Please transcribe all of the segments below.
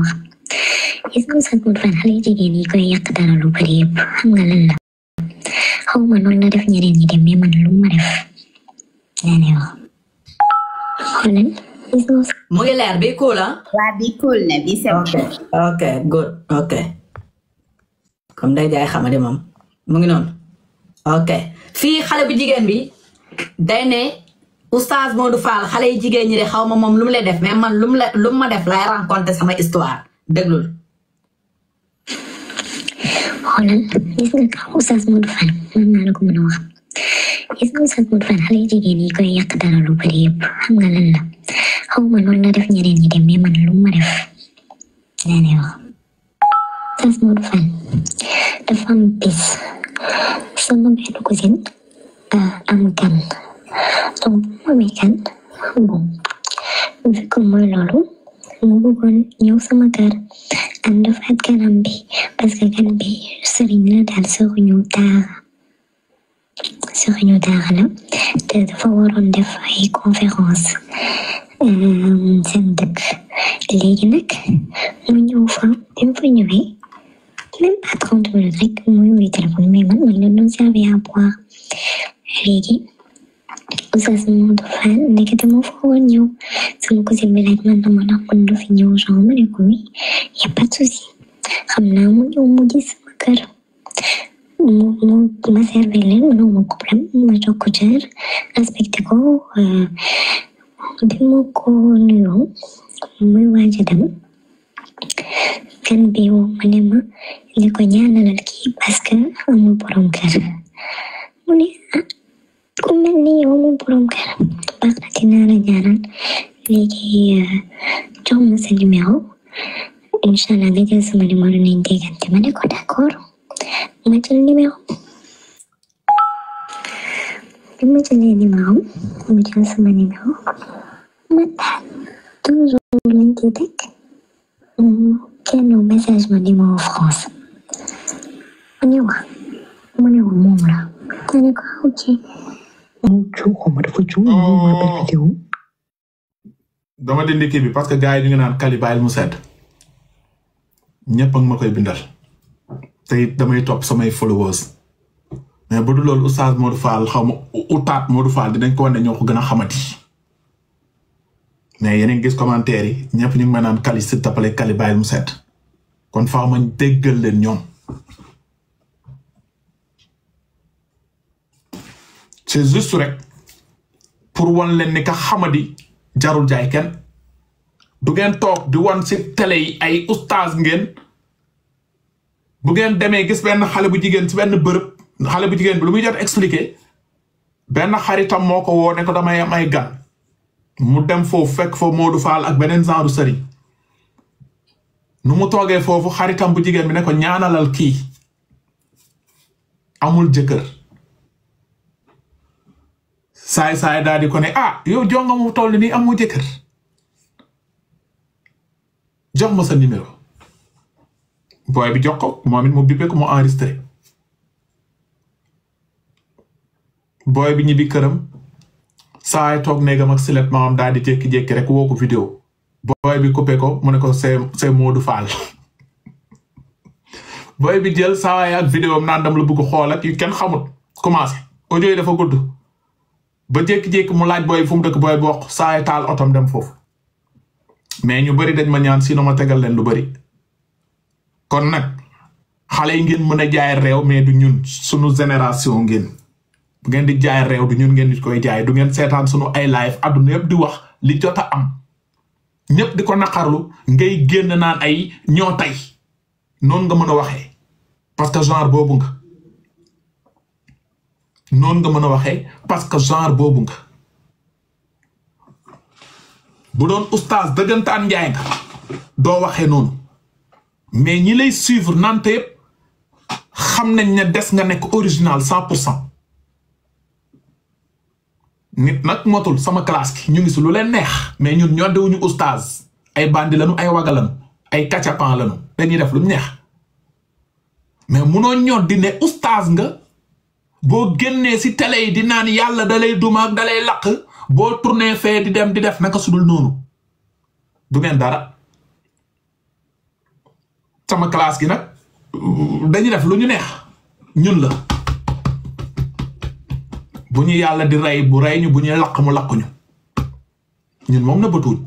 waaw isam sagut fan xale jigéen yi koy yàq dara lu bari yëpp xam nga lan la xaw ma noonu def ñeneen ñi dem mais lu ma def laa ne wax mu ngi leer bi waa bi na bi c'est ok ok good ok comme day jaay xamadi moom mu ngi noonu ok fii xale bu jigéen bi day ne oustaz Modou Fall xale yi jigéen ñi xaw ma moom lu mu lay def mais man lu mu lu ma def lay raconter sama histoire déglul. xoolal oustaz Modou Fall man naa la ko mën a wax gis nga oustaz Modou Fall xale yi jigéen koy yàq dara lu bari yëpp xam nga lan la xaw ma noonu la def ñeneen ñi dem mais man ma def laa ne wax oustaz Modou Fall dafa am bis sama benn cousine euh, am gan. Într-un weekend, bun, vi cum loolu mu bëggoon ñëw sama kër ànd faat ganam bi parce que bi sëriñ la daal sëriñu daara sëriñu daara la te dafa waroon def ay conférence seen nag mu ñëw fa bi mu fa ñëwee même pas trente minutes rek muy wuy téléphone mais man man أساسا وضعها أنك t'amoureux agneau. C'est mon cousin Belette maintenant, mon arbre de fini aux jambes, le goût. Y a pas de souci. Ramena mu ñëw mu gis sama ma serve leen mu ne ma problème ma jox ko cër respecté ko bi ma ko nuyoo muy waaj kan bi woo ma ma ne ko ñaanalal kii parce que amul borom mu ne ah. ku mel ni yow moom borom kër baax na dinaa la ñaanal léegi jox ma sa numéro incha allah nga jël sama numéro nañ déggante ma ne ko d'accord ma jël numéro bi ma jëlee numéro ma jël sama numéro ma taal toujours lañ ci teg kenn message ma di ma woo France ma ne waa ma ne waa moom la ma ne ko ok mucho mucho oh. dama dindi kii bi parce que gars yi ñu ngi naan kali mu sedd ñëpp a ngi ma koy bindal te damay topp samay followers mais bu dul loolu oustaz Modou Fall xaw ma utaat Modou Fall dinañ ko wane ñoo ko gën a xamati mais yéen a gis commentaire yi ñëpp ñu ngi ma naan kali si tapale kali mu sedd kon faaw ma déggal leen ñoom. c'est juste rek pour wan leen ni ka xamadi jarul jaay kenn du ngeen toog di wan si télé ay oustaz ngeen bu ngeen demee gis benn xale bu jigéen si benn bërëb xale bu jigéen bi lu muy jot expliquer benn xaritam moo ko woo ne ko damay ay gan mu dem foofu fekk foofu Modou Fall ak beneen genre sëriñ nu mu toogee foofu xaritam bu jigéen bi ne ko ñaanalal kii amul jëkkër saay saay daal di ko ne ah yow jonga mu toll am amoo jëkkër jox ma sa numéro booy bi jox ko moom it mu bippé ko mu enregistré booy bi ñibbi këram saay toog néegam ak silet maam daal di jékki-jékki rek woo ko vidéo booy bi coupé mu ne ko c'est c'est Modou booy bi jël saay ak vidéo naan dam la bëgg xool ak kenn xamut commencé audio dafa gudd. ba jékki-jékki mu laaj booy fu mu dëkk booy boo saay taal otom dem foofu mais ñu bari dañ ma ñaan si sinon ma tegal leen lu bari kon nag xale yi ngeen mën a jaay réew mais du ñun suñu génération ngeen bu ngeen di jaay réew du ñun ngeen di koy jaay du ngeen seetaan sunu ay laay adduna yëpp di wax li jot a am ñëpp di ko naqarlu ngay génn naan ay ñoo tey noonu nga mën a waxee parce que genre boobu nga noonu nga mën a waxee parce que genre boobu nga bu doon oustaz dëggantaan njaay nga doo waxee noonu mais ñi lay suivre nante yëpp xam nañ ne des nga nekk original cent pour cent nit nag motul sama classe ki ñu ngi si lu leen neex mais ñun ñoddewuñu oustaz ay bandi lanu ay waga ay kacapan lanu dañuy def lu neex mais munoo ñoddi ne nga boo génnee si tele yi di naan yàlla da lay dumaak làq boo tourné fee di dem di def naka sudul noonu bu ngeen dara sama classe gi nag dañuy def lu ñu neex ñun la bu ñu yàlla di rey bu rey ñu bu ñu laq mu laq ñu ñun moom na bëtuuñ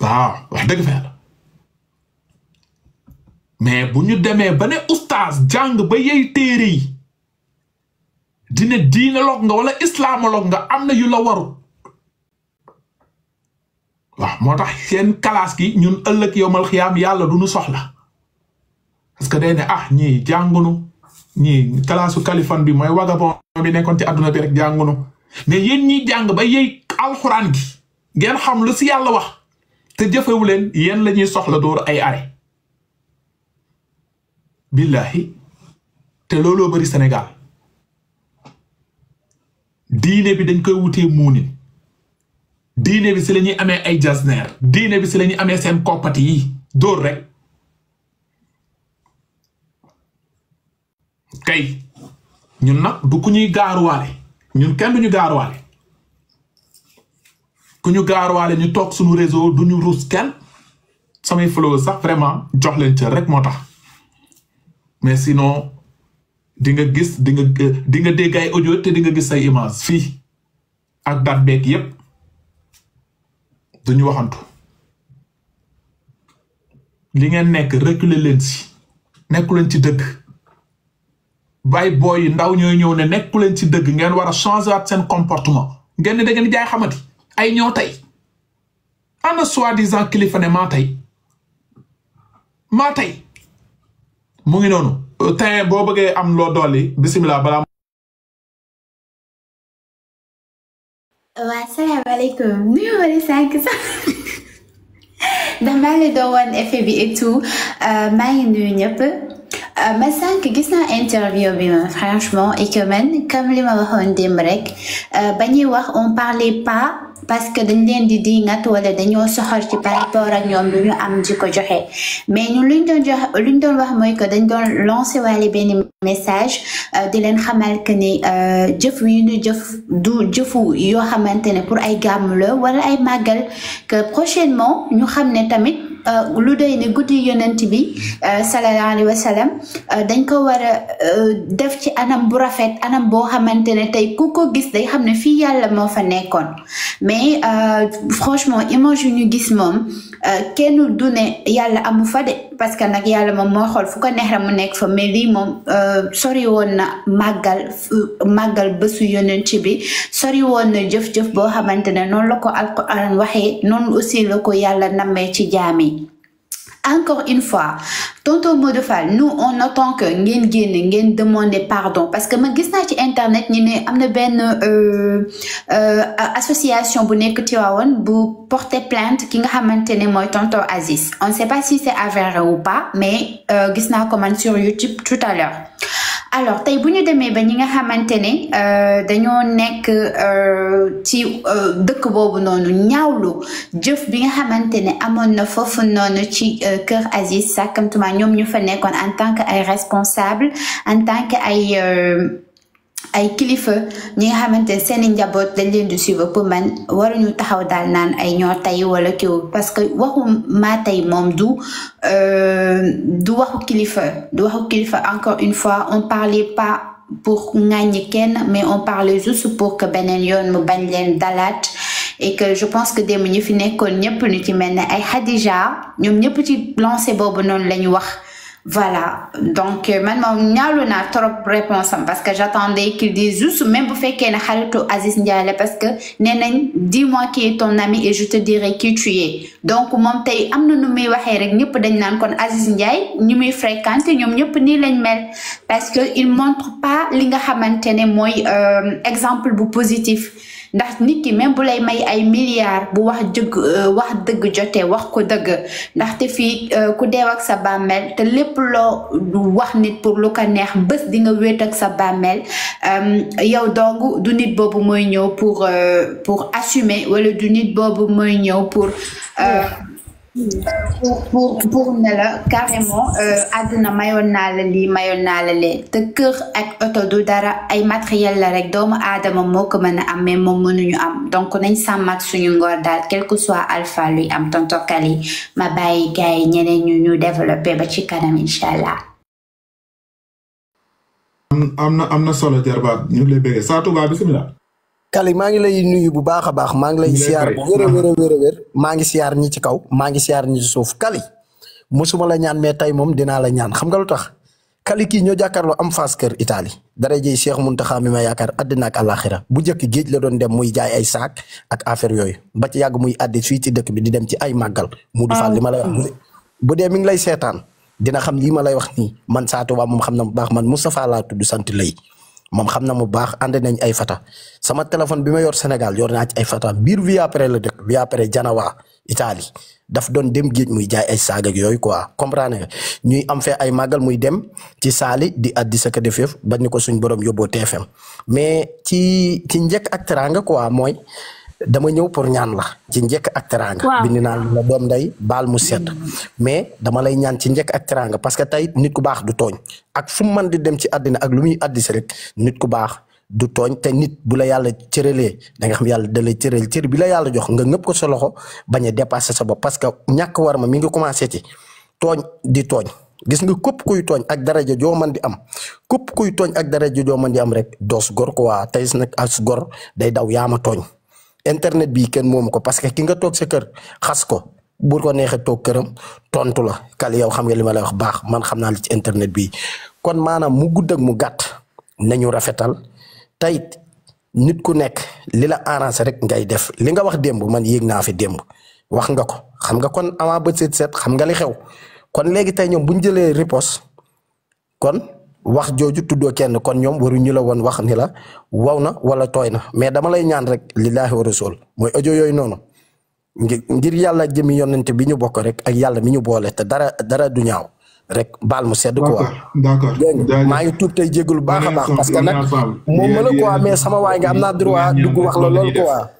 waaw wax dëgg fa mais bu ñu demee ba ne oustaz jàng ba yey téere yi dina diinaloog nga wala islamoloog nga am na yu la warut waaw moo tax seen kalaas gi ñun ëllëg yowmal xiyaam yàlla du ñu soxla parce que day ne ah ñii jàngunu ñii kalaasu kalifan bi mooy vagabond bi nekkoon ci adduna bi rek jàngunu mais yéen ñiy jàng ba yey alxuraan gi ngeen xam lu si yàlla wax te jëfewu leen yéen la ñuy soxla dooru ay are billahi te looloo bari senegal diine bi dañ koy wutee muunin diine bi si lañuy ñuy amee ay jasneer diine bi si lañuy amee seen koppati yi dóor rek kay ñun nag du ku ñuy gaaruwaale ñun kenn du ñu gaaruwaale ku ñu gaaruwaale ñu toog suñu réseau du ñu ruus kenn samay flow sax vraiment jox leen cër rek moo tax mais sinon di nga gis di nga di nga dégg ay audio te di nga gis ay image fii ak date beeg yépp duñu waxantu li ngeen nekk reculer leen si nekku leen ci dëgg bay booy yi ndaw ñooy ñëw ne nekku leen ci dëgg ngeen war a changer at seen comportement ngeen ne da jaay xamati ay ñoo tey ana soi-disant kilifa ne maa tey maa tey mu ngi noonu tey boo bëggee am loo dolli bisimilah balaa. waaw salaamaaleykum nuyoo wala sànq sax ndax maa ngi doon woon effet bi et tout euh, maa ngi nuyu man sànq gis na interview bi man franchement et que man ma waxoon démb rek ba ñuy wax on parlait pas parce que dañ leen di ngat wala dañoo soxor ci par rapport ak ñoom lu ñu am ji ko joxe mais ñun luñ doon jox luñ doon wax mooy que dañ doon lancer waale benn message euh, di leen xamal que ni euh, jëf yu ñu jëf du jëfu yoo xamante ne pour ay gàmm wala ay màggal que prochainement ñu xam ne tamit. Euh, lu day ne guddi yonent bi euh, sallallahu alayhi euh, dañ ko war a def ci anam bu rafet anam boo xamante ne tey ku ko gis day xam ne fii yàlla moo fa nekkoon mais franchement image yu ñu gis moom kenn du yàlla amu fa de parce que nag yàlla moom moo xool fu ko neex mu nekk fa mais lii moom euh, sori woon na màggal euh, màggal bésu yonent bi sori woon na jëf-jëf boo xamante ne noonu la ko alquran waxee noonu aussi la ko yàlla namee ci jaam yi encore une fois tonton Modou Fall nous on attend que ngeen génne ngeen demander pardon parce que ma gis naa ci internet ni ne am na benn euh, euh, association bu nekk Tivaouane bu porter plainte ki nga xamante ne mooy tonton Aziz on ne sait pas si c'est avéré ou pas mais euh, gis naa ko man sur YouTube tout à l'heure alors tey bu ñu demee ba ñi nga xamante ne dañoo nekk ci dëkk boobu noonu ñaawlu jëf bi nga xamante ne amoon na foofu noonu ci kër Aziz Sakamtuma ñoom ñu fa nekkoon en tant que ay responsable en tant que ay ay kilifa ñi nga xamante ne seeni njaboot dañ leen du suivre pour man waruñu taxaw daal naan ay ñoo tey wala kiw parce que waxu maa tey moom du euh, du waxu kilifa du waxu kilifa encore une fois on parlait pas pour ŋàññi kenn mais on parlait juste pour que beneen yoon mu bañ leen dalaat et que je pense que démb ñu fi nekkoon ñëpp ñu ci mel ne ay Xadija ñoom ñëpp ci lancé boobu noonu la ñu wax voilà donc euh, man moom ñaalu naa trop réponse am parce que j'attendais qu'il dise juste même bu fekkee ne xaritu Aziz Ndiaye parce que nee nañ dis-moi qui est ton ami et je te dirai ki tu donc moom tey am na nu muy waxee rek ñëpp dañ naan kon Aziz Ndiaye ñu muy fréquenté ñoom ñëpp nii lañ mel parce que il montre pas li nga xamante ne mooy euh, exemple bu positif ndax nit ki même bu lay may ay milliards bu wax jëgg euh, wax dëgg jotee wax ko dëgg ndaxte fii euh, ku deew ak sa bàmmeel te lépp loo wax nit pour lu ko neex bés di nga wéet ak sa bàmmeel euh, yow donc du nit boobu mooy ñëw pour pour assumer wala du nit boobu mooy ñëw pour. pour pour ne la carrément euh, àdduna mayoon naa la lii mayoon naa la lee te kër ak oto du dara ay matériel la rek doomu aadama moo ko mën a am mais moom mënuñu am donc nañ sàmmat suñu ngor daal quel soit alpha luy am tontokali ma bàyyi gars yi ñu ñu développé ba ci kanam incha allah. am na am na solo jarbaat ñu ngi lay bëgg saa tubaab Kali maa ngi lay nuyu bu baax a baax maa ngi lay siyaar bu wér a wér maa ngi siyaar ñi ci kaw maa ngi siyaar ñi ci suuf Kali musuma la ñaan mais tey moom dinaa la ñaan xam nga lu tax Kali kii ñoo jàkkaarloo am faas kër Italie dara jëy Cheikh Mountakha mi ma yaakaar àddina ak bu njëkk géej la doon dem muy jaay ay saak ak affaire yooyu ba ci yàgg muy addi fii ci dëkk bi di dem ci ay màggal mu du faal li ma lay wax ah. bu dee mi ngi lay seetaan dina xam lii ma lay wax nii man Sa Touba moom xam na bu baax man Moustapha laa tudd sant lay moom xam na mu baax ànd nañ ay fata sama téléphone bi ma yor Sénégal yoor naa ci ay fata biir Viapre la dëkk Viapre Janawa Italie daf doon dem géej muy jaay ay saaga yooyu quoi comprendre nga ñuy am fee ay màggal muy dem ci saali di at di saka defeef bañ ni ko suñ borom yóbboo TFM mais ci ci njëkk ak teranga quoi mooy dama ñëw pour ñaan la ci njëkk ak teraanga bind naan la doom nday baal mu sedd mm. mais dama lay ñaan ci njëkk ak teraanga parce que tey nit ku baax du tooñ ak fu mu mën di dem ci àddina ak lu muy addis rek nit ku baax du tooñ te nit bu la yàlla cëralee da nga xam yàlla da lay cëral cër bi la yàlla jox nga ngëpp ko sa loxo bañ a dépassé sa bopp parce que ñàkk war ma mi nga commencé ci tooñ di tooñ gis nga képp kuy tooñ ak daraja joo man di am képp kuy tooñ ak daraja joo man di am rek doos gor ko waa tey nag as gor day daw yaama tooñ internet bi kenn moomu ko parce que ki nga toog sa kër xas ko bu ko neexee toog këram tontu la kali yow xam nga li ma lay wax baax man xam naa li ci internet bi kon maanaam mu gudd ak mu gàtt nañu rafetal tey nit ku nekk li la arrangé rek ngay def li nga wax démb man yéeg naa fi démb wax nga ko xam nga kon avant ba set set xam nga li xew kon léegi tey ñoom bu ñu jëlee riposte kon. wax jooju tuddoo kenn kon ñoom waruñu la woon wax ni la waw na wala tooy na mais dama lay ñaan rek lillaahi wa rasul mooy audio yooyu noonu ngir yàlla jëmi yonent bi ñu bokk rek a yàlla mi ñu boole te dara dara du ñaaw rek baal mu sedd quoi d'accord maa ngi tuub te jégalu baax a baax parce que nag moom ma la quoi waay nga am droit dugg wax la lool